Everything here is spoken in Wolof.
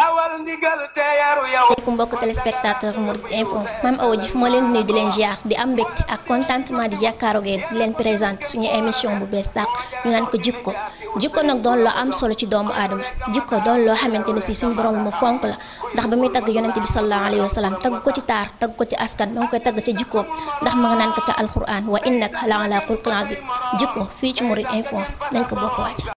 awal ndigal te yaru mbokk téléspectateur Mourides Info Mame Awa Diouf moo leen nuyu di leen ziar di am mbégte ak contentement di jàkkaaroo ngeen di leen présenter suñu émission bu bees tàq ñu naan ko jikko jikko nag doon loo am solo ci doomu aadama jikko doon loo xamante ni si suñu borom mu fonk la ndax ba muy tagg yonent bi sallallahu alayhi wa sallam tagg ko ci taar tagg ko ci askan ma ngi koy tagg ca jikko ndax ma nga naan ko ca alquran wa innaka la ala xulqin aziim jikko fii ci Mourides Info nañ ko bokk wàcc